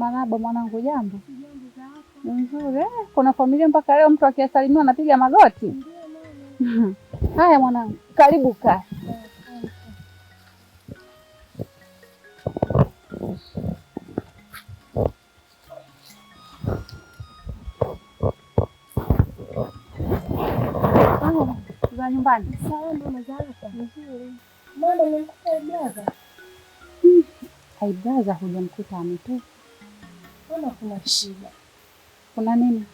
Marahaba mwanangu, jambo nzuri. Eh? Kuna familia mpaka leo mtu akiasalimiwa anapiga magoti. Haya mwanangu, karibu kaa. Oh, za nyumbani huja hujamkuta ametoka Mbona kuna shida? Kuna nini?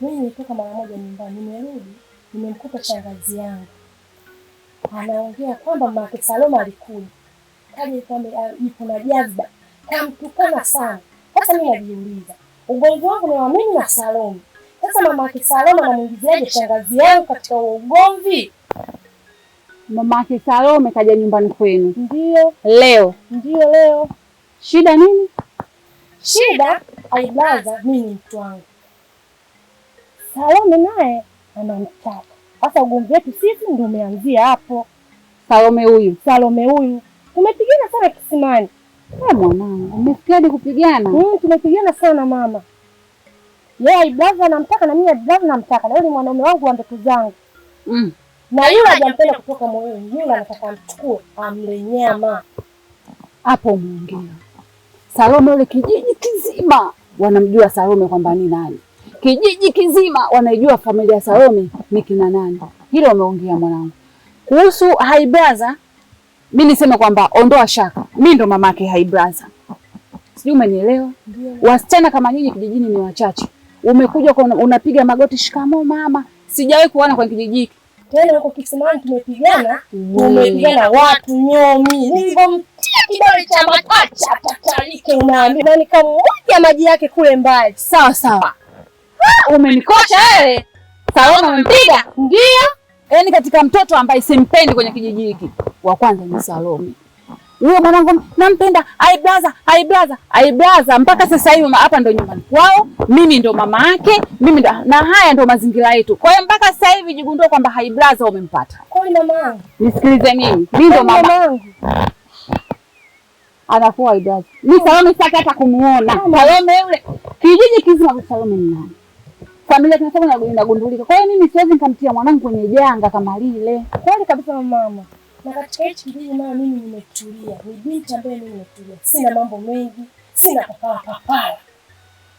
Mimi nilitoka mara moja nyumbani, nimerudi nimemkuta shangazi yangu anaongea kwamba mke saloma alikuja kaje, kwamba ah, jazba, kamtukana sana. Sasa mimi najiuliza ugomvi wangu wa mimi na Salome, sasa mama yake Salome anamwingiziaje shangazi yangu katika ugomvi? Mama yake Salome kaja nyumbani kwenu? Ndio leo? Ndio leo. Shida nini? Shida ailaza mimi mtu wangu Salome naye anamtaka. Sasa ugomvi wetu sisi ndio umeanzia hapo. Salome huyu, Salome huyu tumepigana sana kisimani. Mwanangu, umesikiaje kupigana? Mm, tumepigana sana mama. Yeye ailaza anamtaka na mimi ailaza namtaka, na yule mwanaume wangu wa ndoto zangu mm. na yule hajampenda kutoka moyoni, yule anataka amchukue amle nyama hapo mwingine Salome, ule kijiji kizima wanamjua Salome kwamba ni nani, kijiji kizima wanaijua familia ya Salome ni kina nani. Hilo umeongea mwanangu. Kuhusu Brother, mimi niseme kwamba ondoa shaka, Mimi ndo mamake Brother. Sijui umenielewa? Ndio. Wasichana kama nyinyi kijijini ni wachache. Umekuja kwa unapiga magoti, shikamoo mama, sijawahi kuona kwa kijiji hiki tena. Huko kisimani tumepigana, tumepigana watu nyomi, nilivyomtia kidole cha mapacha tatanike nami na nikamwaga maji yake kule mbali. Sawa sawa, ah, umenikosha wewe. Salome mpiga Ndio. yani, katika mtoto ambaye simpendi kwenye kijiji hiki wa kwanza ni Salome. Huyo mwanangu nampenda, ai blaza, ai blaza, ai blaza mpaka sasa hivi hapa ndo nyumbani kwao, mimi ndo mama yake, mimi ndo, na haya ndo mazingira yetu. Kwa hiyo mpaka sasa hivi jigundua kwamba ai blaza umempata. Kwa hiyo mama yangu? Nisikilize mimi, mimi ndo mama yangu anakuwa idadi. Mimi Salome sitaki hata kumuona. Salome yule kijiji kizima kwa Salome ni nani? Familia tunasema inagundulika. Kwa hiyo mimi siwezi nikamtia mwanangu kwenye janga kama lile. Kweli kabisa mama. Na katika hichi kijiji mama mimi nimetulia. Ni binti ambaye mimi nimetulia. Sina mambo mengi, sina papala papala.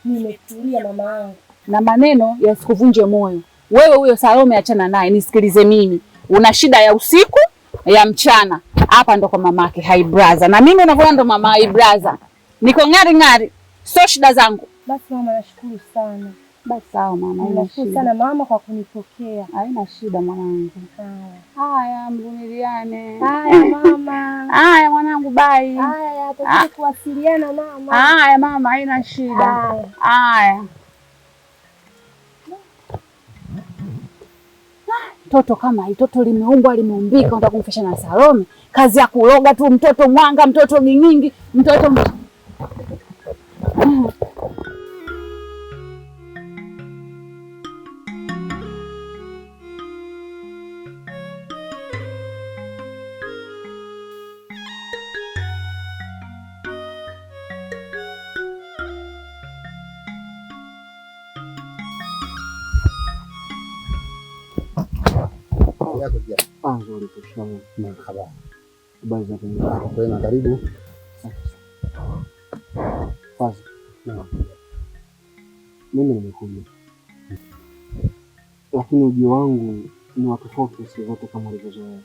Nimetulia mama yangu. Na maneno yasikuvunje moyo. Wewe huyo Salome achana naye, nisikilize mimi. Una shida ya usiku ya mchana hapa ndo kwa mamake braza, na mimi nakuwa ndo mama braza, niko ng'ari ng'ari, sio shida zangu. Basi mama, nashukuru sana. Basi sawa mama, nashukuru sana mama kwa kunipokea. Haina shida mwanangu. Haya, mvumiliane. Haya mama. Haya mwanangu, bye. Haya, tutakuwasiliana mama. Haya mama, haina shida. Haya. Toto kama hii toto limeumbwa limeumbika, unataka kumfisha na Salome? Kazi ya kuloga tu mtoto mwanga, mtoto mtoto mtoto Karibu. Mimi nimekuja, lakini ujio wangu ni wa tofauti siku zote kama ulivyozoea.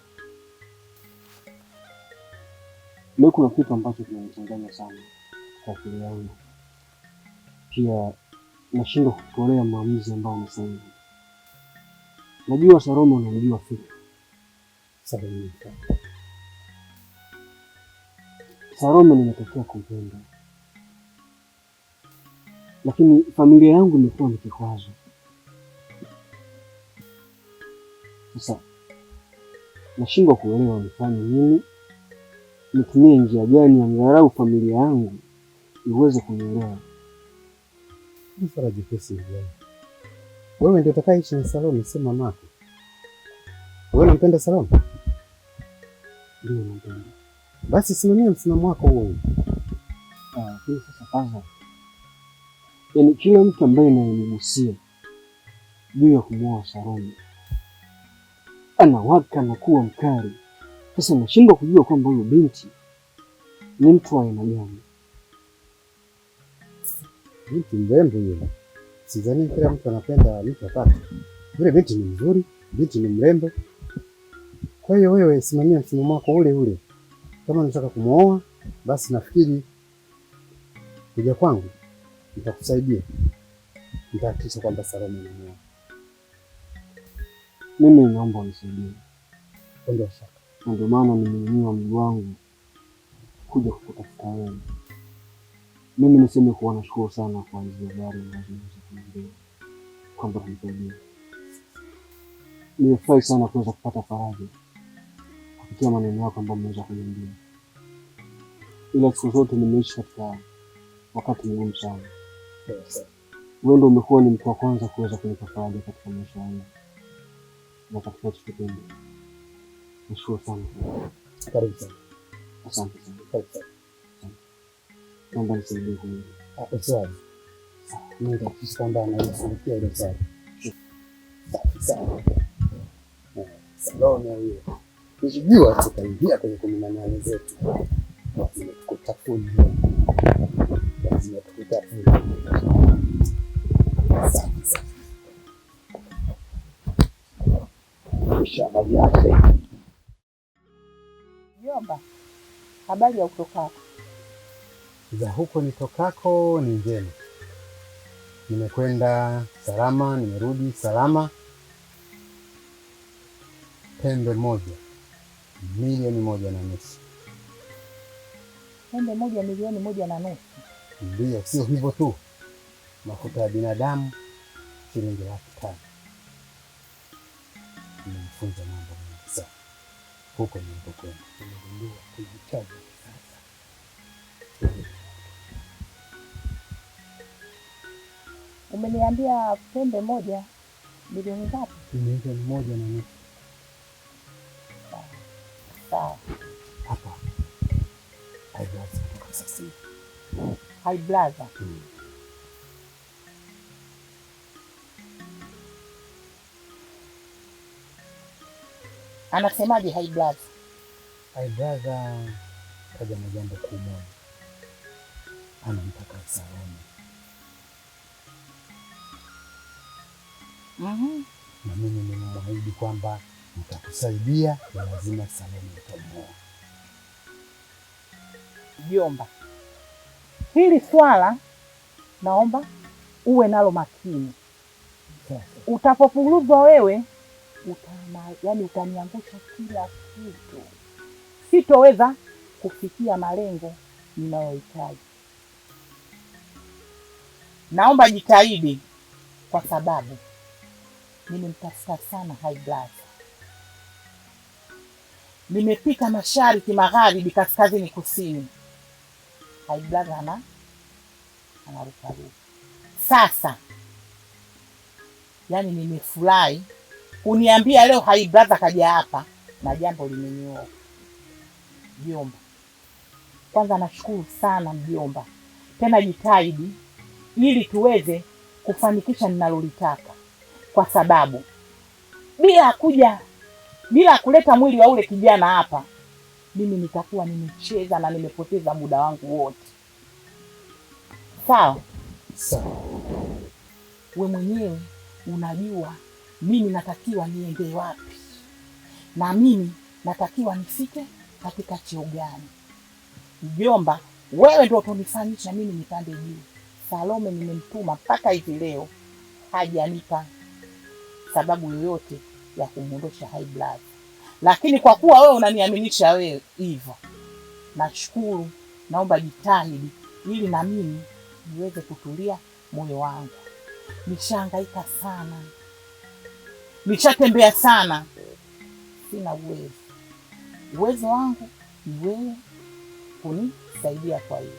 Leo kuna kitu ambacho kinanichanganya sana kwa akili yangu, pia nashindwa kutolea maamuzi ambayo ni sahihi. Najua Saroma unamjua fika. Salimika. Saroma nimetokea kumpenda, lakini familia yangu imekuwa ni kikwazo. Sasa nashindwa kuelewa nifanye nini, nitumie njia gani angalau familia yangu iweze kunielewa. Ni swala jepesi. Wewe ndio utakayeishi na Salome, si mama yako. Wewe unampenda Salome? Ndio nampenda. Basi simamia msimamo wako huo. Ah, sasa kwanza. Yaani kila mtu ambaye ananigusia juu ya kumwoa Salome anawaka na kuwa mkali. Sasa nashindwa kujua kwamba huyo binti ni mtu wa aina gani. Binti mrembo yule. Sidhani kila mtu anapenda mtu apate. Yule binti ni mzuri, binti ni mrembo. Kwa hiyo wewe simamia msimamo wako ule ule. Kama unataka kumwoa, basi nafikiri kuja kwangu nitakusaidia, nitahakikisha kwamba Salome namuoa. Mimi naomba unisaidie, ondoa shaka, ndio maana nimeinua mguu wangu kuja kukutafuta wewe. Mimi niseme kuwa nashukuru sana kwa hizo habari ambazo kuambia kwamba tulisaidia. Nimefurahi sana kuweza kupata faraja kupitia maneno yako ambayo mmeweza kuniambia, ila siku zote nimeishi katika wakati mgumu sana. Wewe ndio umekuwa ni mtu wa kwanza kuweza kunipa faraja katika maisha yangu na katika hichi kipindi. Nashukuru sana. Asante sana. Naomba nisaidie sawa. Mimi akusikie kwamba anashirikia ile sawa. Salome hiyo. Nijijua tukaingia kwenye kumi na nane zetu. Lazima Lazima Jomba. Habari ya kutoka hapo za huko nitokako ni njema. Nimekwenda salama, nimerudi salama. Pembe moja milioni moja na nusu. Pembe moja milioni moja na nusu? ndio sio hivyo tu, mafuta ya binadamu shilingi laki tano. Nimefunza mambo mengi sana huko nilipokwenda, nimegundua kujichaji Umeniambia pembe moja bilioni ngapi? Bilioni moja na nusu. Sawa. Hapa Hai blaza. Hmm. anasemaje? hai blaza? Hai blaza kaja na jambo moja anamtaka usalama. mm -hmm. na mimi nimemwahidi kwamba nitakusaidia na lazima Salome itamuoa. Jomba, hili swala naomba uwe nalo makini. utapofuruzwa wewe utama, yani utaniangusha kila kitu, sitoweza kufikia malengo ninayohitaji naomba jitahidi, kwa sababu nimemtafuta sana high blood. nimepika mashariki, magharibi, kaskazini, kusini, high blood ana anarukaruka sasa. Yani nimefurahi kuniambia leo high blood kaja hapa na jambo limenyooka. Mjomba, kwanza nashukuru sana mjomba, tena jitahidi ili tuweze kufanikisha ninalolitaka, kwa sababu bila kuja bila kuleta mwili wa ule kijana hapa, mimi nitakuwa nimecheza na nimepoteza muda wangu wote. Sawa sawa, we mwenyewe unajua mimi natakiwa niende wapi na mimi natakiwa nifike katika cheo gani. Mjomba, wewe ndio utonifanyisha mimi nipande juu. Salome nimemtuma mpaka hivi leo hajanipa sababu yoyote ya kumwondosha high blood, lakini kwa kuwa wewe unaniaminisha wewe hivyo, nashukuru. Naomba jitahidi ili na mimi niweze kutulia moyo wangu. nishaangaika sana, nishatembea sana, sina uwezo. Uwezo wangu ni wewe kunisaidia. Kwa hiyo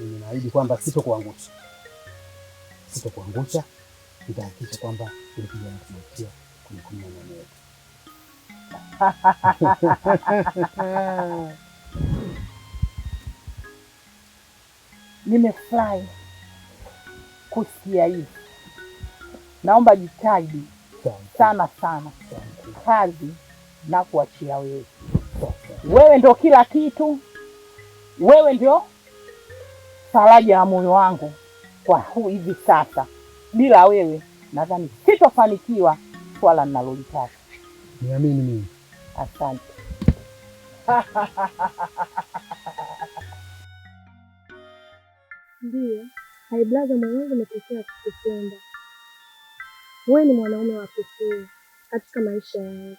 ninaahidi kwamba sitokuangusha, sitokuangusha. Nitahakikisha kwamba ilikijana kwenye kumi na nane yetu. Nimefurahi kusikia hivi. Naomba jitahidi sana sana, kazi na kuachia wewe. Wewe ndio kila kitu, wewe ndio faraja ya moyo wangu kwa hivi sasa. Bila wewe nadhani sitofanikiwa swala ninalolitaka. Niamini mimi. Asante. Ndio haibraza mwanangu, umetokea kukupenda wewe. Ni mwanaume wa pekee katika maisha yangu,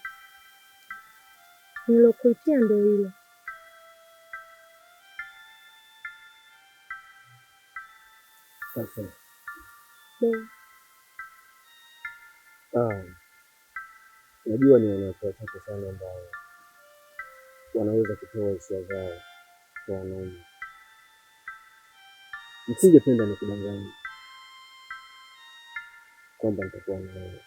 nilokuitia ndio hilo. najua ah. ni wanawake wachache sana ambao wanaweza kutoa hisia zao kwa wanaume. Nisingependa kudanganya kwamba nitakuwa nawe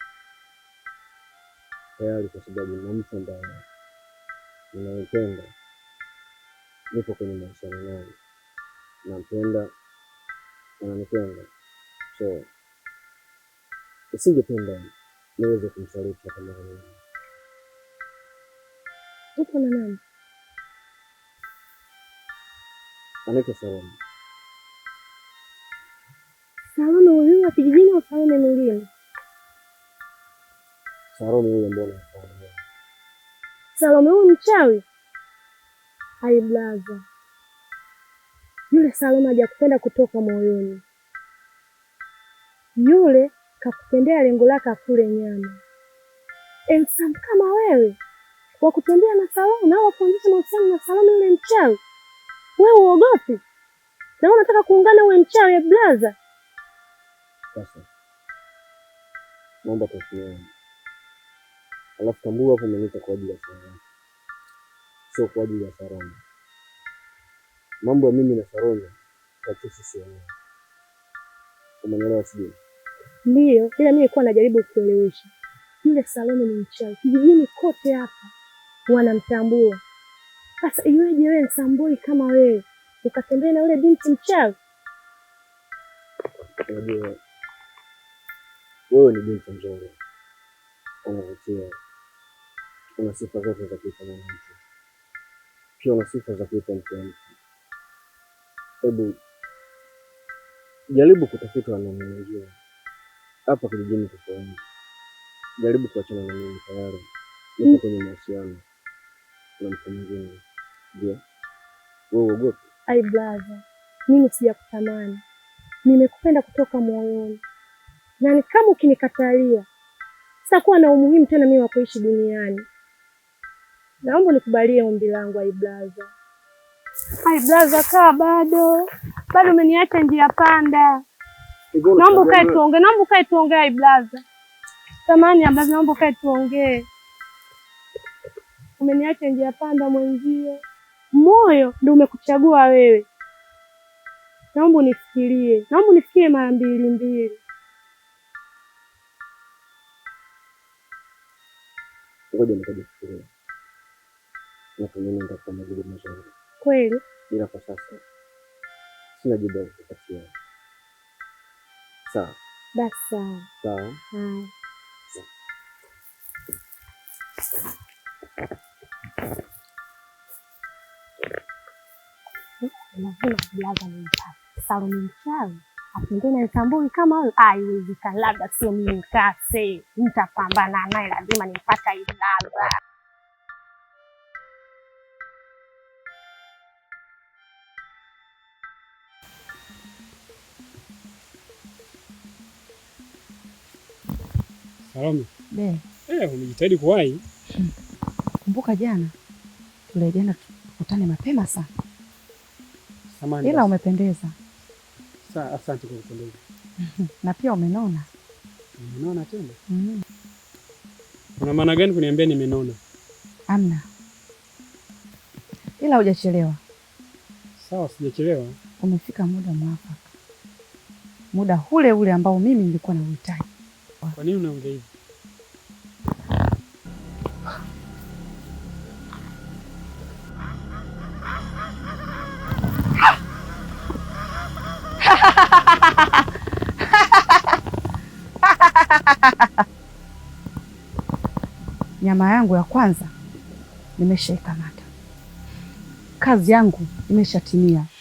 tayari, kwa sababu na mtu ambaye ninayempenda, nipo kwenye mahusiano naye, nampenda ananipenda, so usingependa niweze kumsaliti hata mara moja. Uko na nani? Anaitwa Salome. Salome huyu wa kijijini au Salome mwingine? Salome huyu mbona? Salome huyu mchawi? Hai blaza yule Salome hajakupenda kutoka moyoni, yule kakupendea lengo lake akule nyama. Ensam, kama wewe wa kutembea na Salome au kuanzisha mahusiano na Salome yule mchawi, wewe uogopi? Na wewe unataka kuungana uwe mchawi blaza? Sasa naomba tusione, alafu tambua hapo umeniita kwa ajili ya Salome, sio kwa ajili ya Salome mambo ya mimi na Faronya yakisisiana, umeelewa sijui? Ndiyo, ila mimi nilikuwa najaribu kuelewesha yule Salome ni mchawi kijijini kote hapa wanamtambua. Sasa iweje wewe Samboi kama wewe ukatembea na yule binti mchawi? Unajua wewe ni binti mzuri, unavutia, una sifa zote za kuita mwanamke, pia una sifa za kuita mke wa mtu Hebu jaribu kutafuta wanaume wengine hapa kijijini, tofauti. Jaribu kuachana na mimi, tayari niko mm. kwenye mahusiano na mtu mwingine. Ndio wewe uogope? Ai brother, mimi sijakutamani, nimekupenda kutoka moyoni, na kama ukinikatalia sitakuwa na umuhimu tena mimi wa kuishi duniani. Naomba nikubalie ombi langu, ai brother. Ai blaza, kaa bado bado, umeniacha njia panda. Naomba ukae tuongee, naomba ukae tuongee. Ai blaza, samani blaza, naomba ukae tuongee. Umeniacha njia panda mwenzio, moyo ndio umekuchagua wewe. Naomba unifikirie, naomba unifikirie mara mbili mbili. Ngoja nikajifikiria kweli, ila kwa sasa sina jibu la kukupatia. Sawa basi, sawa sawa. Haya. Navuna mchawi, Salum nitambui kama huyo. Haiwezekani, labda sio mimi. Mkase nitapambana naye, lazima nimpata hii blaza. Salome. Eh, umejitahidi kuwahi. Hmm. Kumbuka jana tuliahidiana tukutane mapema sana. Samani. Ila umependeza. Sasa asante kwa kupendeza. Na pia umenona. Umenona tena? Mm. Una maana gani kuniambia nimenona? Amna. Ila hujachelewa. Sawa, sijachelewa. Umefika muda mwafaka, muda ule ule ambao mimi nilikuwa nauhitaji. Kwa nini unaongea hivi? Nyama yangu ya kwanza nimeshaikamata, kazi yangu imeshatimia.